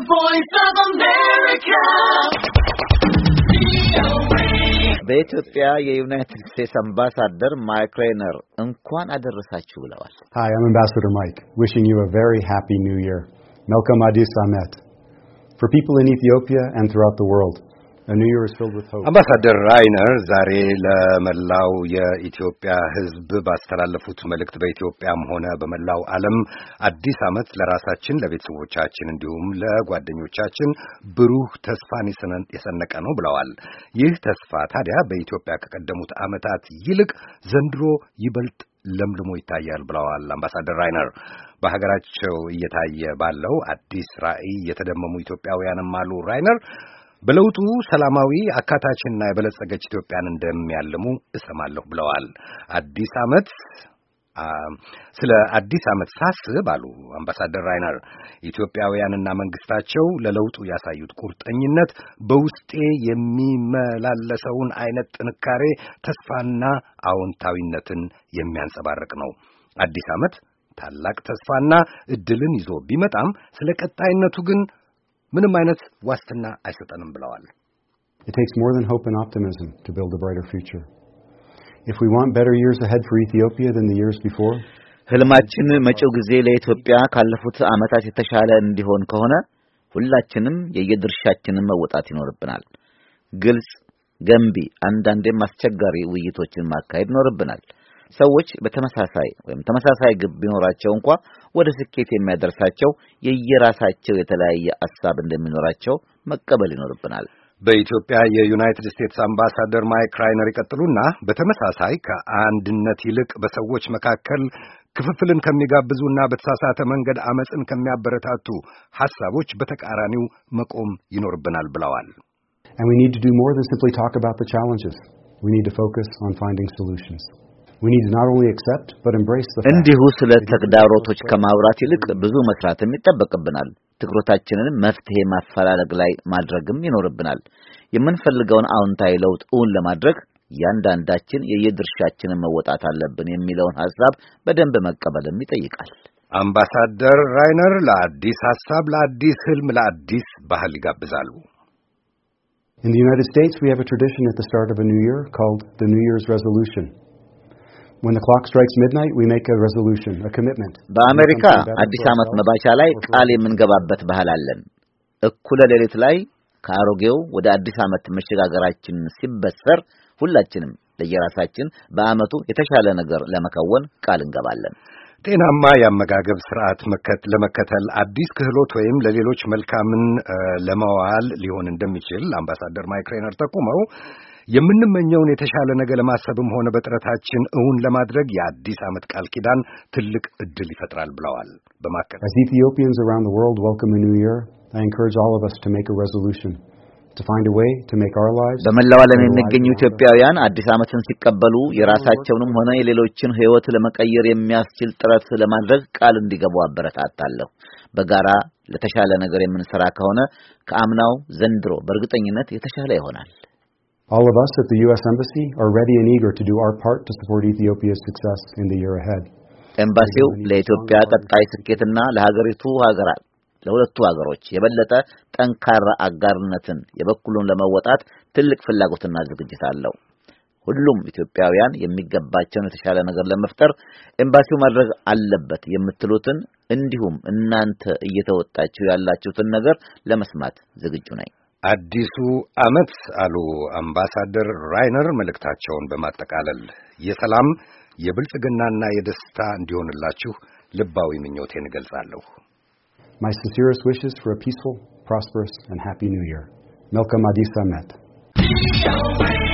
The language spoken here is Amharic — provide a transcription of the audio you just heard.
The voice of America. በኢትዮጵያ የዩናይትድ ስቴትስ አምባሳደር ማይክ ሬነር እንኳን Hi, I'm Ambassador Mike, wishing you a very happy new year. Melkom Adi Samet. For people in Ethiopia and throughout the world, አምባሳደር ራይነር ዛሬ ለመላው የኢትዮጵያ ሕዝብ ባስተላለፉት መልእክት በኢትዮጵያም ሆነ በመላው ዓለም አዲስ ዓመት ለራሳችን ለቤተሰቦቻችን፣ እንዲሁም ለጓደኞቻችን ብሩህ ተስፋን የሰነቀ ነው ብለዋል። ይህ ተስፋ ታዲያ በኢትዮጵያ ከቀደሙት ዓመታት ይልቅ ዘንድሮ ይበልጥ ለምልሞ ይታያል ብለዋል አምባሳደር ራይነር። በሀገራቸው እየታየ ባለው አዲስ ራዕይ የተደመሙ ኢትዮጵያውያንም አሉ ራይነር በለውጡ ሰላማዊ አካታችና የበለጸገች ኢትዮጵያን እንደሚያልሙ እሰማለሁ ብለዋል። አዲስ ዓመት ስለ አዲስ ዓመት ሳስብ አሉ አምባሳደር ራይነር ኢትዮጵያውያንና መንግስታቸው ለለውጡ ያሳዩት ቁርጠኝነት በውስጤ የሚመላለሰውን አይነት ጥንካሬ፣ ተስፋና አዎንታዊነትን የሚያንጸባርቅ ነው። አዲስ ዓመት ታላቅ ተስፋና እድልን ይዞ ቢመጣም ስለ ቀጣይነቱ ግን ምንም አይነት ዋስትና አይሰጠንም ብለዋል። It takes more than hope and optimism to build a brighter future. If we want better years ahead for Ethiopia than the years before, ህልማችን መጪው ጊዜ ለኢትዮጵያ ካለፉት ዓመታት የተሻለ እንዲሆን ከሆነ ሁላችንም የየድርሻችንን መወጣት ይኖርብናል። ግልጽ፣ ገንቢ፣ አንዳንዴም አስቸጋሪ ውይይቶችን ማካሄድ ይኖርብናል። ሰዎች በተመሳሳይ ወይም ተመሳሳይ ግብ ቢኖራቸው እንኳ ወደ ስኬት የሚያደርሳቸው የየራሳቸው የተለያየ ሀሳብ እንደሚኖራቸው መቀበል ይኖርብናል። በኢትዮጵያ የዩናይትድ ስቴትስ አምባሳደር ማይክ ራይነር ይቀጥሉና በተመሳሳይ ከአንድነት ይልቅ በሰዎች መካከል ክፍፍልን ከሚጋብዙና በተሳሳተ መንገድ አመፅን ከሚያበረታቱ ሐሳቦች በተቃራኒው መቆም ይኖርብናል ብለዋል። And we need to do more than simply talk about the challenges. We need to focus on finding solutions. እንዲሁ ስለ ተግዳሮቶች ከማውራት ይልቅ ብዙ መስራትም ይጠበቅብናል። ትኩረታችንን መፍትሄ ማፈላለግ ላይ ማድረግም ይኖርብናል። የምንፈልገውን አዎንታዊ ለውጥ እውን ለማድረግ እያንዳንዳችን የየድርሻችንን መወጣት አለብን የሚለውን ሐሳብ በደንብ መቀበልም ይጠይቃል። አምባሳደር ራይነር ለአዲስ ሐሳብ፣ ለአዲስ ህልም፣ ለአዲስ ባህል ይጋብዛሉ። In the United States, we have a tradition at the start of a new year called the New Year's Resolution. በአሜሪካ አዲስ ዓመት መባቻ ላይ ቃል የምንገባበት ባህል አለን። እኩለ ሌሊት ላይ ከአሮጌው ወደ አዲስ ዓመት መሸጋገራችን ሲበሰር ሁላችንም ለየራሳችን በዓመቱ የተሻለ ነገር ለመከወን ቃል እንገባለን። ጤናማ የአመጋገብ ስርዓት ለመከተል አዲስ ክህሎት ወይም ለሌሎች መልካምን ለመዋል ሊሆን እንደሚችል አምባሳደር ማይክ ሬነር ጠቁመው የምንመኘውን የተሻለ ነገ ለማሰብም ሆነ በጥረታችን እውን ለማድረግ የአዲስ ዓመት ቃል ኪዳን ትልቅ እድል ይፈጥራል ብለዋል። በማከል As Ethiopians around በመላው ዓለም የሚገኙ ኢትዮጵያውያን አዲስ ዓመትን ሲቀበሉ የራሳቸውንም ሆነ የሌሎችን ሕይወት ለመቀየር የሚያስችል ጥረት ለማድረግ ቃል እንዲገቡ አበረታታለሁ። በጋራ ለተሻለ ነገር የምንሰራ ከሆነ ከአምናው ዘንድሮ በእርግጠኝነት የተሻለ ይሆናል። All of us at the U.S. Embassy are ready and eager to do our part to support Ethiopia's success in the year ahead. ኤምባሲው ለኢትዮጵያ ቀጣይ ስኬትና ለሀገሪቱ ሀገራት ለሁለቱ ሀገሮች የበለጠ ጠንካራ አጋርነትን የበኩሉን ለመወጣት ትልቅ ፍላጎትና ዝግጅት አለው። ሁሉም ኢትዮጵያውያን የሚገባቸውን የተሻለ ነገር ለመፍጠር ኤምባሲው ማድረግ አለበት የምትሉትን እንዲሁም እናንተ እየተወጣችሁ ያላችሁትን ነገር ለመስማት ዝግጁ ነኝ። አዲሱ ዓመት አሉ አምባሳደር ራይነር መልእክታቸውን በማጠቃለል የሰላም የብልጽግናና የደስታ እንዲሆንላችሁ ልባዊ ምኞቴን እገልጻለሁ። My sincerest wishes for a peaceful, prosperous and happy new year. Melkom Adis Amet.